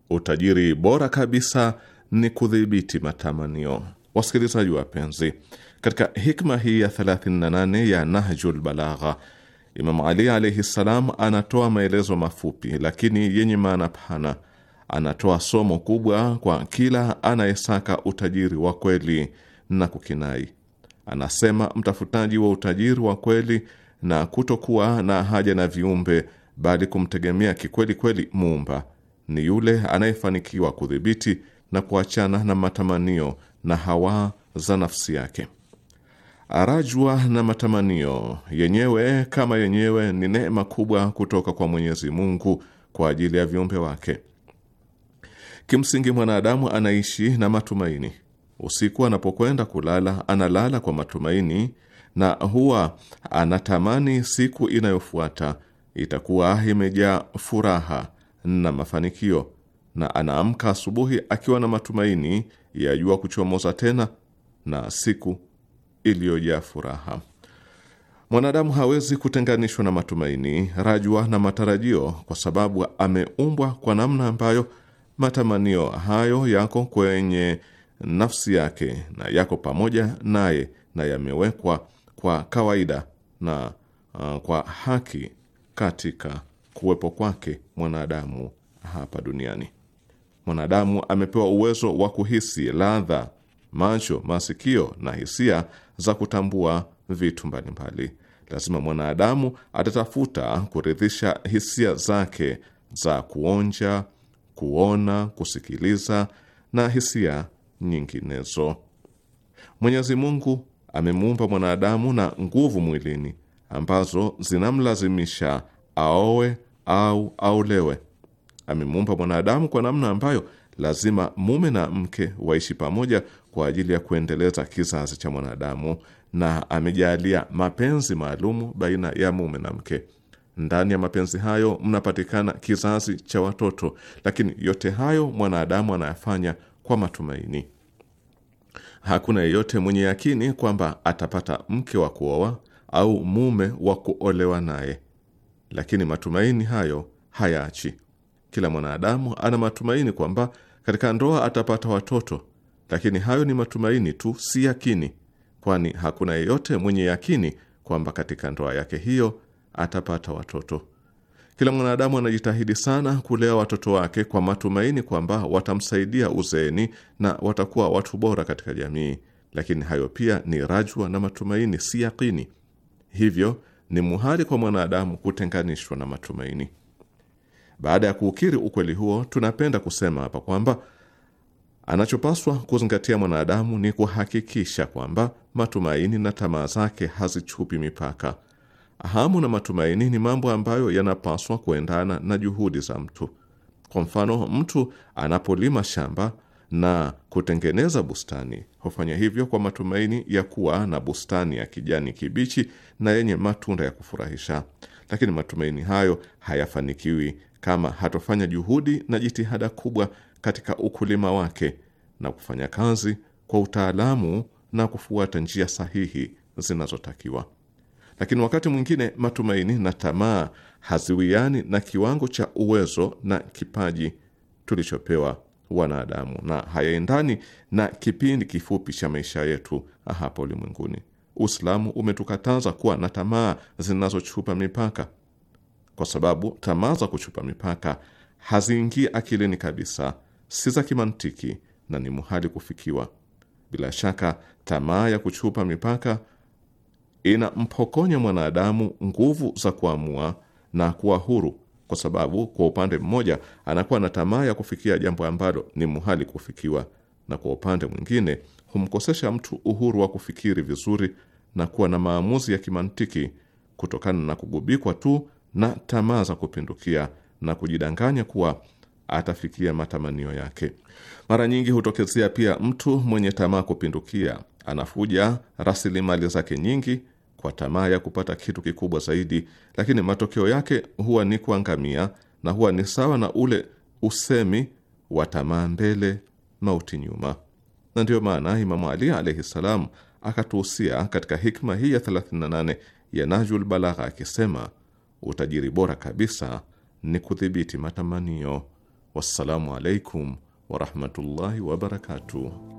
utajiri bora kabisa ni kudhibiti matamanio. Wasikilizaji wapenzi, katika hikma hii ya 38 ya Nahjul Balagha, Imam Ali alaihi ssalam anatoa maelezo mafupi lakini yenye maana pana. Anatoa somo kubwa kwa kila anayesaka utajiri wa kweli na kukinai. Anasema mtafutaji wa utajiri wa kweli na kutokuwa na haja na viumbe, bali kumtegemea kikweli kweli muumba ni yule anayefanikiwa kudhibiti na kuachana na matamanio na hawa za nafsi yake. Arajwa na matamanio yenyewe kama yenyewe ni neema kubwa kutoka kwa Mwenyezi Mungu kwa ajili ya viumbe wake. Kimsingi, mwanadamu anaishi na matumaini. Usiku anapokwenda kulala, analala kwa matumaini na huwa anatamani siku inayofuata itakuwa imejaa furaha na mafanikio, na anaamka asubuhi akiwa na matumaini ya jua kuchomoza tena na siku iliyojaa furaha. Mwanadamu hawezi kutenganishwa na matumaini, rajwa na matarajio, kwa sababu ameumbwa kwa namna ambayo matamanio hayo yako kwenye nafsi yake na yako pamoja naye na yamewekwa kwa kawaida na uh, kwa haki katika kuwepo kwake mwanadamu hapa duniani. Mwanadamu amepewa uwezo wa kuhisi ladha, macho, masikio na hisia za kutambua vitu mbalimbali. Lazima mwanadamu atatafuta kuridhisha hisia zake za kuonja, kuona, kusikiliza na hisia nyinginezo. Mwenyezi Mungu amemuumba mwanadamu na nguvu mwilini ambazo zinamlazimisha aowe au aolewe. Amemuumba mwanadamu kwa namna ambayo lazima mume na mke waishi pamoja kwa ajili ya kuendeleza kizazi cha mwanadamu, na amejalia mapenzi maalumu baina ya mume na mke. Ndani ya mapenzi hayo mnapatikana kizazi cha watoto, lakini yote hayo mwanadamu anayafanya kwa matumaini hakuna yeyote mwenye yakini kwamba atapata mke wa kuoa au mume wa kuolewa naye, lakini matumaini hayo hayaachi. Kila mwanadamu ana matumaini kwamba katika ndoa atapata watoto, lakini hayo ni matumaini tu, si yakini, kwani hakuna yeyote mwenye yakini kwamba katika ndoa yake hiyo atapata watoto. Kila mwanadamu anajitahidi sana kulea watoto wake kwa matumaini kwamba watamsaidia uzeeni na watakuwa watu bora katika jamii, lakini hayo pia ni rajwa na matumaini, si yakini. Hivyo ni muhali kwa mwanadamu kutenganishwa na matumaini. Baada ya kuukiri ukweli huo, tunapenda kusema hapa kwamba anachopaswa kuzingatia mwanadamu ni kuhakikisha kwamba matumaini na tamaa zake hazichupi mipaka Hamu na matumaini ni mambo ambayo yanapaswa kuendana na juhudi za mtu. Kwa mfano, mtu anapolima shamba na kutengeneza bustani hufanya hivyo kwa matumaini ya kuwa na bustani ya kijani kibichi na yenye matunda ya kufurahisha, lakini matumaini hayo hayafanikiwi kama hatofanya juhudi na jitihada kubwa katika ukulima wake na kufanya kazi kwa utaalamu na kufuata njia sahihi zinazotakiwa lakini wakati mwingine matumaini na tamaa haziwiani na kiwango cha uwezo na kipaji tulichopewa wanadamu na hayaendani na kipindi kifupi cha maisha yetu hapa ulimwenguni. Uislamu umetukataza kuwa na tamaa zinazochupa mipaka, kwa sababu tamaa za kuchupa mipaka haziingii akilini kabisa, si za kimantiki na ni muhali kufikiwa. Bila shaka tamaa ya kuchupa mipaka inampokonya mwanadamu nguvu za kuamua na kuwa huru, kwa sababu kwa upande mmoja anakuwa na tamaa ya kufikia jambo ambalo ni muhali kufikiwa, na kwa upande mwingine humkosesha mtu uhuru wa kufikiri vizuri na kuwa na maamuzi ya kimantiki kutokana na kugubikwa tu na tamaa za kupindukia na kujidanganya kuwa atafikia matamanio yake. Mara nyingi hutokezea pia mtu mwenye tamaa kupindukia anafuja rasilimali zake nyingi kwa tamaa ya kupata kitu kikubwa zaidi, lakini matokeo yake huwa ni kuangamia na huwa ni sawa na ule usemi wa tamaa mbele, mauti nyuma. Na ndiyo maana Imamu Ali alaihi ssalam akatuhusia katika hikma hii ya 38 ya najul Balagha akisema, utajiri bora kabisa ni kudhibiti matamanio. Wassalamu alaikum warahmatullahi wabarakatuh.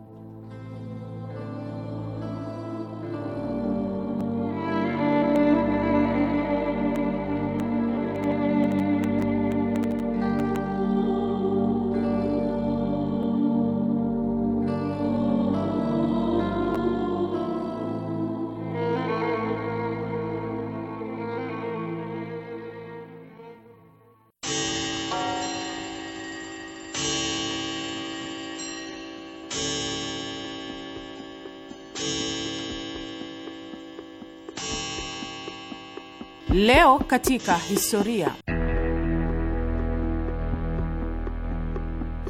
katika historia.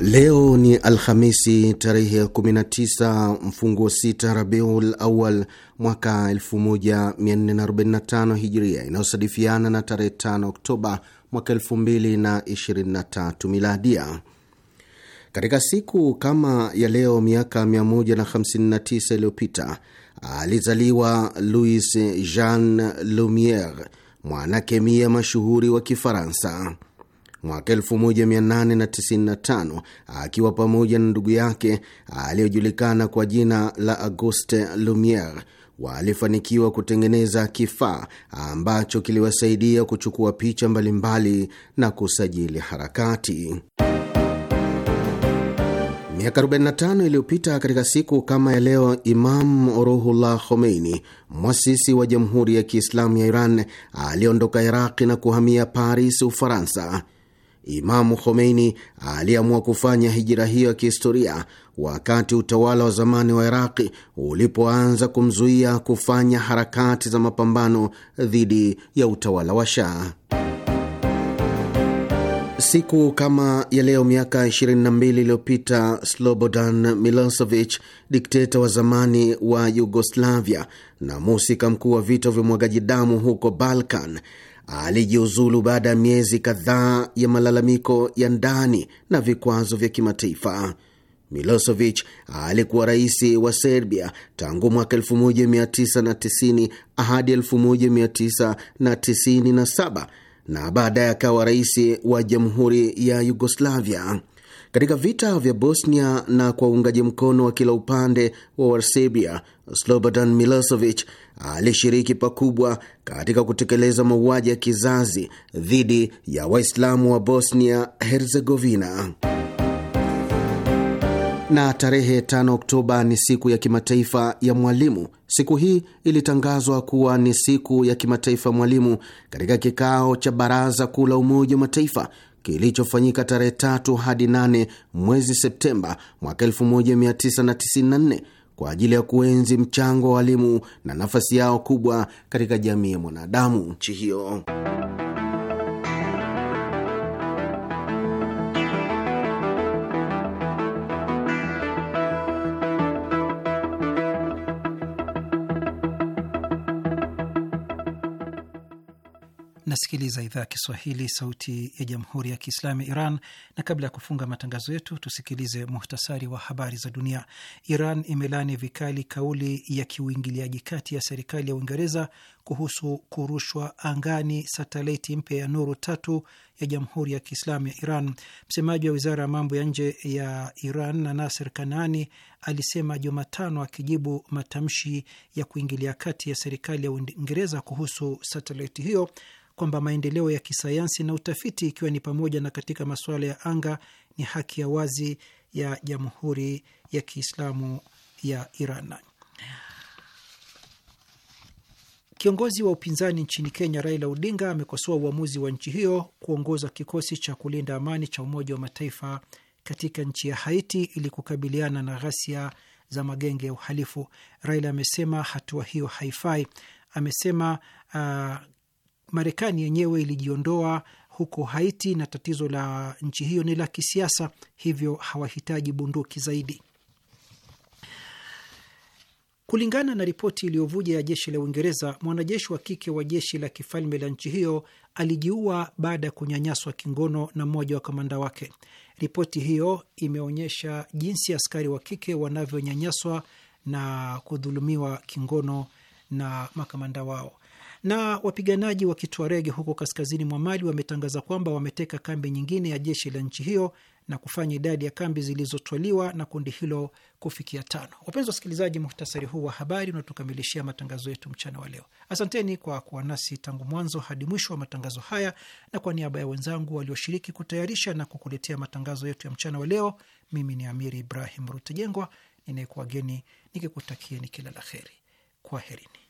Leo ni Alhamisi tarehe 19 mfunguo 6 Rabiul Awal mwaka 1445 Hijiria, inayosadifiana na tarehe 5 Oktoba mwaka 2023 Miladia. Katika siku kama ya leo miaka 159 iliyopita alizaliwa Louis Jean Lumiere mwanakemia mashuhuri wa Kifaransa. Mwaka 1895 akiwa pamoja na ndugu yake aliyojulikana kwa jina la Auguste Lumiere walifanikiwa kutengeneza kifaa ambacho kiliwasaidia kuchukua picha mbalimbali na kusajili harakati. Miaka 45 iliyopita katika siku kama ya leo, Imam Ruhullah Khomeini, mwasisi wa Jamhuri ya Kiislamu ya Iran, aliondoka Iraqi na kuhamia Paris, Ufaransa. Imamu Khomeini aliamua kufanya hijira hiyo ya kihistoria wakati utawala wa zamani wa Iraqi ulipoanza kumzuia kufanya harakati za mapambano dhidi ya utawala wa Shah. Siku kama ya leo miaka 22 iliyopita Slobodan Milosevic, dikteta wa zamani wa Yugoslavia na mhusika mkuu wa vita vya mwagaji damu huko Balkan, alijiuzulu baada ya miezi kadhaa ya malalamiko ya ndani na vikwazo vya kimataifa. Milosevic alikuwa rais wa Serbia tangu mwaka 1990 hadi 1997 na baadaye akawa rais wa jamhuri ya Yugoslavia. Katika vita vya Bosnia na kwa uungaji mkono wa kila upande wa warsebia Slobodan Milosevic alishiriki pakubwa katika kutekeleza mauaji ya kizazi dhidi ya Waislamu wa Bosnia Herzegovina na tarehe 5 Oktoba ni siku ya kimataifa ya mwalimu. Siku hii ilitangazwa kuwa ni siku ya kimataifa mwalimu katika kikao cha Baraza Kuu la Umoja wa Mataifa kilichofanyika tarehe tatu hadi 8 mwezi Septemba mwaka 1994 kwa ajili ya kuenzi mchango wa walimu na nafasi yao kubwa katika jamii ya mwanadamu nchi hiyo. Unasikiliza idhaa ya Kiswahili, sauti ya jamhuri ya kiislamu ya Iran. Na kabla ya kufunga matangazo yetu, tusikilize muhtasari wa habari za dunia. Iran imelani vikali kauli ya kiuingiliaji kati ya serikali ya Uingereza kuhusu kurushwa angani satelaiti mpya ya Nuru tatu ya jamhuri ya kiislamu ya Iran. Msemaji wa wizara ya mambo ya nje ya Iran na Nasir Kanaani alisema Jumatano akijibu matamshi ya kuingilia kati ya serikali ya Uingereza kuhusu satelaiti hiyo kwamba maendeleo ya kisayansi na utafiti, ikiwa ni pamoja na katika masuala ya anga, ni haki ya wazi ya Jamhuri ya Kiislamu ya Iran. Kiongozi wa upinzani nchini Kenya Raila Odinga amekosoa uamuzi wa nchi hiyo kuongoza kikosi cha kulinda amani cha Umoja wa Mataifa katika nchi ya Haiti ili kukabiliana na ghasia za magenge ya uhalifu. Raila amesema hatua hiyo haifai. Amesema uh, Marekani yenyewe ilijiondoa huko Haiti na tatizo la nchi hiyo ni la kisiasa, hivyo hawahitaji bunduki zaidi. Kulingana na ripoti iliyovuja ya jeshi la Uingereza, mwanajeshi wa kike wa jeshi la kifalme la nchi hiyo alijiua baada ya kunyanyaswa kingono na mmoja wa kamanda wake. Ripoti hiyo imeonyesha jinsi askari wa kike wanavyonyanyaswa na kudhulumiwa kingono na makamanda wao. Na wapiganaji wa Kitwarege huko kaskazini mwa Mali wametangaza kwamba wameteka kambi nyingine ya jeshi la nchi hiyo na kufanya idadi ya kambi zilizotwaliwa na kundi hilo kufikia tano. Wapenzi wasikilizaji, muhtasari huu wa habari unatukamilishia matangazo yetu mchana wa leo. Asanteni kwa kuwa nasi tangu mwanzo hadi mwisho wa matangazo haya, na kwa niaba ya wenzangu walioshiriki kutayarisha na kukuletea matangazo yetu ya mchana wa leo, mimi ni Amiri Ibrahim Rutejengwa ninayekuwageni nikikutakieni kila la heri. Kwaherini.